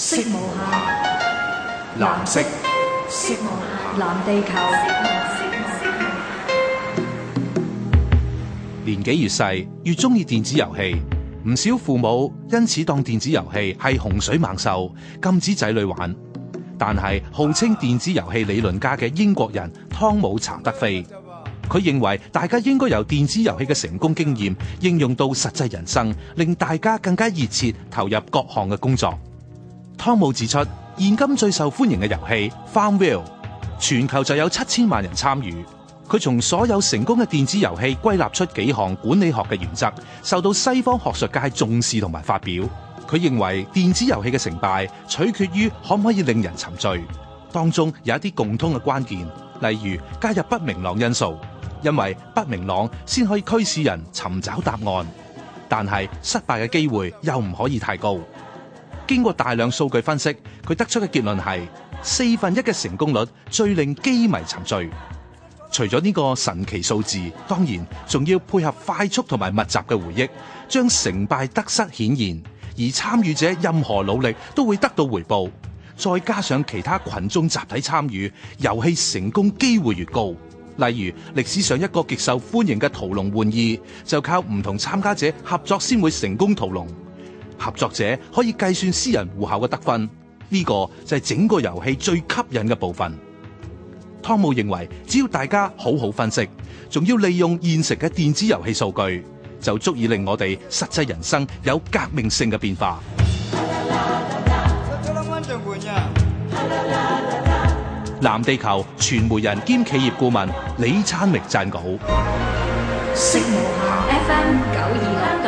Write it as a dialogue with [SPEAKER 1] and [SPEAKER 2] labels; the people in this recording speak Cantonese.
[SPEAKER 1] 色無下藍色。色無下藍地球。年紀越細，越中意電子遊戲。唔少父母因此當電子遊戲係洪水猛獸，禁止仔女玩。但係號稱電子遊戲理論家嘅英國人湯姆查德菲，佢認為大家應該由電子遊戲嘅成功經驗應用到實際人生，令大家更加熱切投入各項嘅工作。湯姆指出，現今最受歡迎嘅遊戲 Farmville，全球就有七千萬人參與。佢從所有成功嘅電子遊戲歸納出幾項管理學嘅原則，受到西方學術界重視同埋發表。佢認為電子遊戲嘅成敗取決於可唔可以令人沉醉，當中有一啲共通嘅關鍵，例如加入不明朗因素，因為不明朗先可以驅使人尋找答案。但係失敗嘅機會又唔可以太高。經過大量數據分析，佢得出嘅結論係四分一嘅成功率最令機迷沉醉。除咗呢個神奇數字，當然仲要配合快速同埋密集嘅回憶，將成敗得失顯現。而參與者任何努力都會得到回報。再加上其他群眾集體參與，遊戲成功機會越高。例如歷史上一個極受歡迎嘅屠龍玩意，就靠唔同參加者合作先會成功屠龍。合作者可以計算私人戶口嘅得分，呢個就係整個遊戲最吸引嘅部分。湯姆認為，只要大家好好分析，仲要利用現成嘅電子遊戲數據，就足以令我哋實際人生有革命性嘅變化。藍地球，傳媒人兼企業顧問李燦榮撰稿。